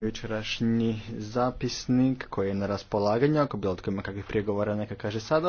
jučerašnji zapisnik koji je na raspolaganju. Ako bilo tko ima kakvih prigovora neka kaže sada.